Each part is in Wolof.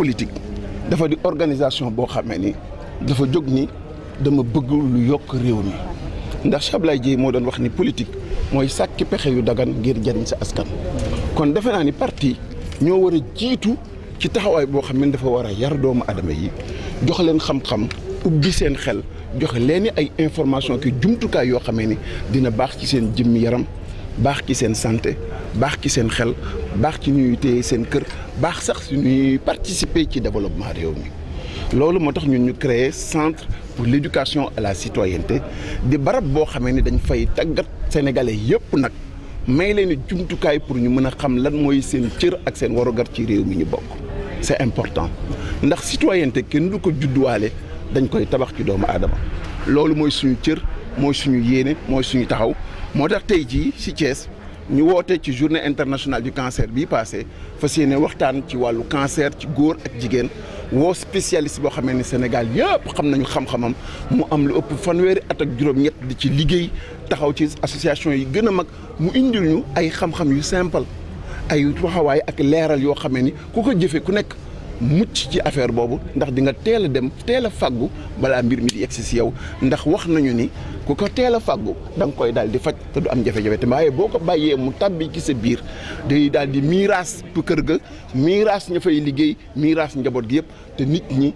politique dafa di organisation boo xamee ni dafa jóg ni dama bëgg lu yokk réew mi ndax Cheikh Abdoulaye Dièye moo doon wax ni politique mooy sàkki pexe yu dagan ngir jariñ sa askan. kon defe naa ni parti ñoo war jiitu ci taxawaay boo xam ne dafa war a yar doomu aadama yi jox leen xam-xam ubbi seen xel joxe leen ay information ki jumtukaay yoo xamee ni dina baax ci seen jëmmi yaram. baax ci seen santé baax ci seen xel baax ci ñuy téye seen kër baax sax suñuy participer ci développement réew mi loolu moo tax ñun ñu créer centre pour l'éducation à la citoyenneté di barab boo xamee ni dañ fay tàggat sénégalais yépp nag may leen jumtukaay pour ñu mën a xam lan mooy seen cër ak seen warugar ci réew mi ñu bokk c'est important ndax citoyenneté kenn du ko judduwaale dañ koy tabax ci doomu aadama loolu mooy suñu cër mooy suñu yéene mooy suñu taxaw moo tax tey jii si ñu woote ci journée internationale du cancer bii passé fas yéene waxtaan ci wàllu cancer ci góor ak jigéen woo spécialiste boo xamee ni Sénégal yëpp xam nañu xam-xamam mu am lu ëpp fanweeri at ak juróom-ñett di ci liggéey taxaw ci association yi gën a mag mu indil ñu ay xam-xam yu simple ay waxawaay ak leeral yoo xamee ni ku ko jëfee ku nekk. mucc ci affaire boobu ndax dinga teel a dem teel a fàggu balaa mbir mi di egsi si yow ndax wax nañu ni ku ko teel a fàggu da nga koy daal di faj te du am jafe-jafe te waaye boo ko bàyyee mu tàbbi ci sa biir day daal di miiraas kër ga miiraas ña fay liggéey miiraas njaboot gi yëpp te nit ñi.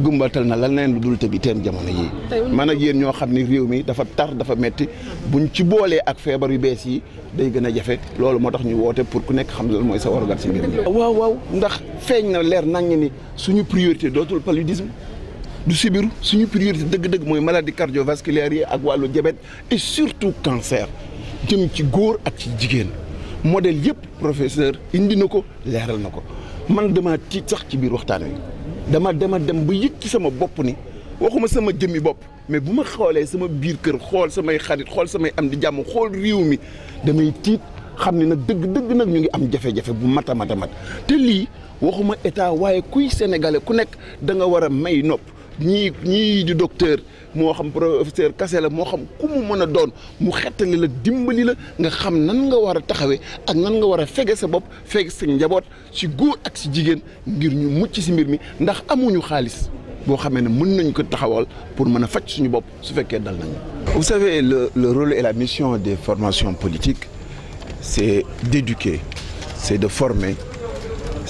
gumbatal na lan leen lu dul tëbi teen jamono yii. man ak yéen ñoo xam ni réew mi dafa tar dafa metti buñ ci boolee ak feebar yu bees yi day gën a jafe loolu moo tax ñu woote pour ku nekk xam ne lan mooy sa warugar si mbir mi. waaw waaw ndax feeñ na leer nañ ni suñu priorité dootul paludisme. du sibiru suñu priorité dëgg-dëgg mooy maladie cardiovasculaire yi ak wàllu diabète et surtout cancer jëm ci góor ak ci jigéen modèle yëpp professeur indi na ko leeral na ko man dama tiit sax ci biir waxtaan wi. dama dama dem ba yëg ci sama bopp ni waxuma sama jëmmi bopp mais bu ma xoolee sama biir kër xool samay xarit xool samay am di jàmm xool réew mi damay tiit xam ne nag dëgg dëgg nag ñu ngi am jafe-jafe bu mat a mat a mat te lii waxuma état waaye kuy sénégalais ku nekk da nga war a may nopp. ñii ñii di docteur moo xam professeur Kassé la moo xam ku mu mën a doon mu xettali la dimbali la nga xam nan nga war a taxawee ak nan nga war a fege sa bopp fege sa njaboot si góor ak si jigéen ngir ñu mucc si mbir mi ndax amuñu xaalis boo xamee ne mën nañ ko taxawal pour mën a faj suñu bopp su fekkee dal nañu. vous savez le le rôle et la mission des formations politiques c'est d'éduquer c'est de former.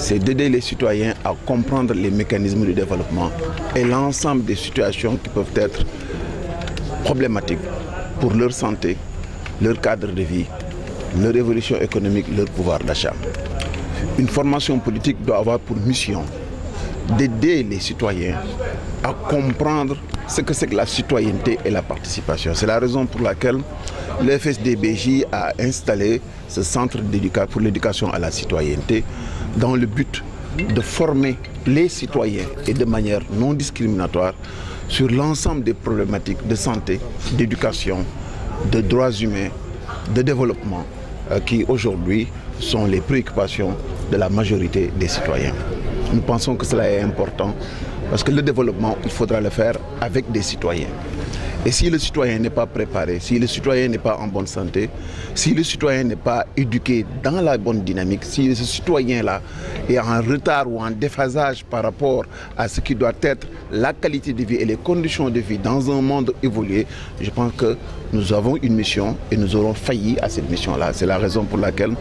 c'est d'aider les citoyens à comprendre les mécanismes du développement et l'ensemble des situations qui peuvent être problématiques pour leur santé, leur cadre de vie, leur évolution économique, leur pouvoir d'achat. Une formation politique doit avoir pour mission d'aider les citoyens à comprendre ce que c'est que la citoyenneté et la participation. C'est la raison pour laquelle des FSDBJ a installé ce centre pour l'éducation à la citoyenneté dans le but de former les citoyens et de manière non discriminatoire sur l'ensemble des problématiques de santé, d'éducation, de droits humains, de développement euh, qui aujourd'hui sont les préoccupations de la majorité des citoyens. Nous pensons que cela est important parce que le développement, il faudra le faire avec des citoyens. Et si le citoyen n'est pas préparé, si le citoyen n'est pas en bonne santé, si le citoyen n'est pas éduqué dans la bonne dynamique, si ce citoyen-là est en retard ou en déphasage par rapport à ce qui doit être la qualité de vie et les conditions de vie dans un monde évolué, je pense que nous avons une mission et nous aurons failli à cette mission-là. C'est la raison pour laquelle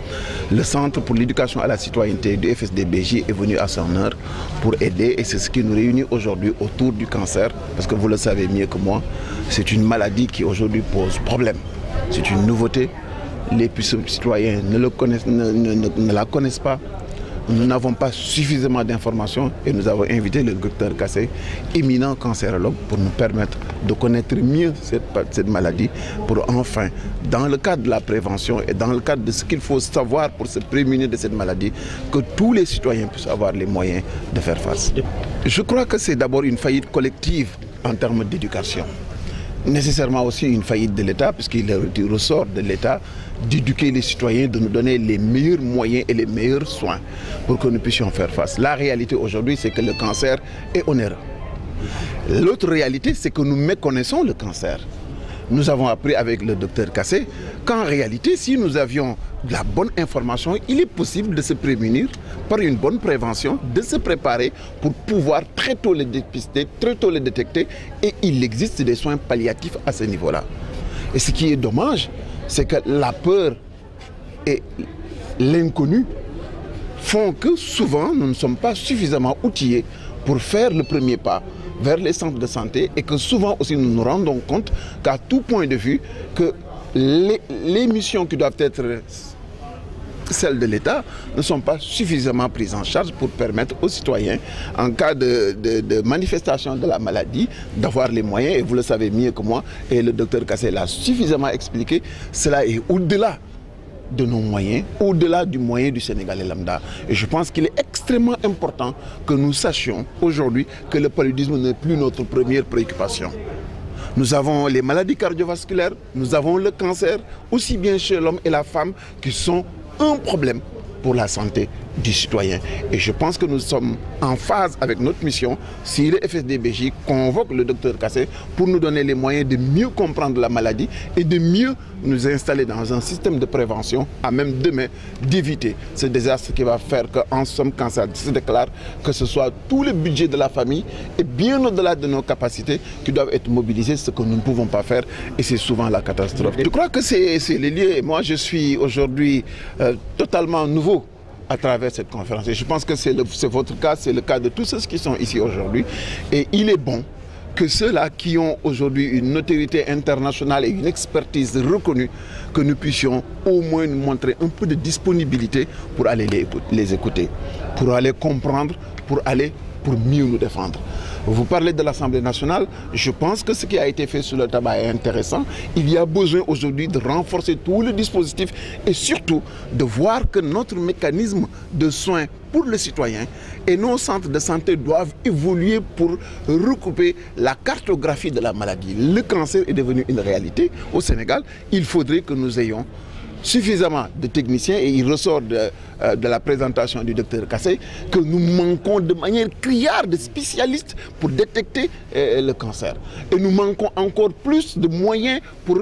le Centre pour l'éducation à la citoyenneté du FSDBJ est venu à son heure pour aider et c'est ce qui nous réunit aujourd'hui autour du cancer, parce que vous le savez mieux que moi. C'est une maladie qui aujourd'hui pose problème. C'est une nouveauté. Les citoyens ne, le connaissent, ne, ne, ne, ne la connaissent pas. Nous n'avons pas suffisamment d'informations et nous avons invité le docteur Cassé, éminent cancérologue, pour nous permettre de connaître mieux cette, cette maladie, pour enfin, dans le cadre de la prévention et dans le cadre de ce qu'il faut savoir pour se prémunir de cette maladie, que tous les citoyens puissent avoir les moyens de faire face. Je crois que c'est d'abord une faillite collective en termes d'éducation. nécessairement aussi une faillite de l'État, puisqu'il est du ressort de l'État d'éduquer les citoyens, de nous donner les meilleurs moyens et les meilleurs soins pour que nous puissions faire face. La réalité aujourd'hui, c'est que le cancer est onéreux. L'autre réalité, c'est que nous méconnaissons le cancer. nous avons appris avec le docteur Kassé qu'en réalité, si nous avions de la bonne information, il est possible de se prémunir par une bonne prévention, de se préparer pour pouvoir très tôt les dépister, très tôt les détecter. Et il existe des soins palliatifs à ce niveau-là. Et ce qui est dommage, c'est que la peur et l'inconnu font que souvent nous ne sommes pas suffisamment outillés pour faire le premier pas. vers les centres de santé et que souvent aussi nous nous rendons compte qu'à tout point de vue, que les, les missions qui doivent être celles de l'État ne sont pas suffisamment prises en charge pour permettre aux citoyens, en cas de, de, de manifestation de la maladie, d'avoir les moyens, et vous le savez mieux que moi, et le docteur Cassé l'a suffisamment expliqué, cela est au-delà de nos moyens, au-delà du moyen du Sénégalais lambda. Et je pense qu'il est extrêmement important que nous sachions aujourd'hui que le paludisme n'est plus notre première préoccupation. Nous avons les maladies cardiovasculaires, nous avons le cancer, aussi bien chez l'homme et la femme, qui sont un problème pour la santé du citoyen. Et je pense que nous sommes en phase avec notre mission si le FSDBJ convoque le docteur Kassé pour nous donner les moyens de mieux comprendre la maladie et de mieux nous installer dans un système de prévention à même demain d'éviter ce désastre qui va faire qu'en somme, quand ça se déclare, que ce soit tout le budget de la famille et bien au-delà de nos capacités qui doivent être mobilisées, ce que nous ne pouvons pas faire et c'est souvent la catastrophe. Je crois que c'est les lieux. Moi, je suis aujourd'hui euh, totalement nouveau à travers cette conférence. Et je pense que c'est votre cas, c'est le cas de tous ceux qui sont ici aujourd'hui. Et il est bon que ceux-là qui ont aujourd'hui une autorité internationale et une expertise reconnue, que nous puissions au moins nous montrer un peu de disponibilité pour aller les écouter, pour aller comprendre, pour aller pour mieux nous défendre. Vous parlez de l'Assemblée nationale, je pense que ce qui a été fait sur le tabac est intéressant. Il y a besoin aujourd'hui de renforcer tout le dispositif et surtout de voir que notre mécanisme de soins pour le citoyen et nos centres de santé doivent évoluer pour recouper la cartographie de la maladie. Le cancer est devenu une réalité au Sénégal. Il faudrait que nous ayons suffisamment de techniciens et il ressort de, euh, de la présentation du docteur Kassé que nous manquons de manière criarde de spécialistes pour détecter euh, le cancer. Et nous manquons encore plus de moyens pour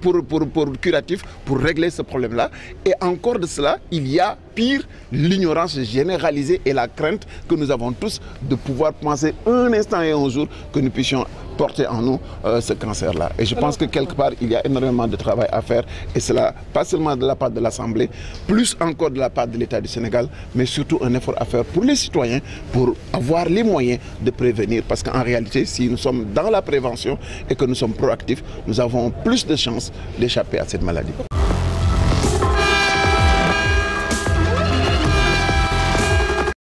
pour, pour, pour, pour curatif, pour régler ce problème-là. Et encore de cela, il y a pire, l'ignorance généralisée et la crainte que nous avons tous de pouvoir penser un instant et un jour que nous puissions porter en nous euh, ce cancer-là. Et je pense que quelque part, il y a énormément de travail à faire, et cela, pas seulement de la part de l'Assemblée, plus encore de la part de l'État du Sénégal, mais surtout un effort à faire pour les citoyens, pour avoir les moyens de prévenir. Parce qu'en réalité, si nous sommes dans la prévention et que nous sommes plus de chances d'échapper à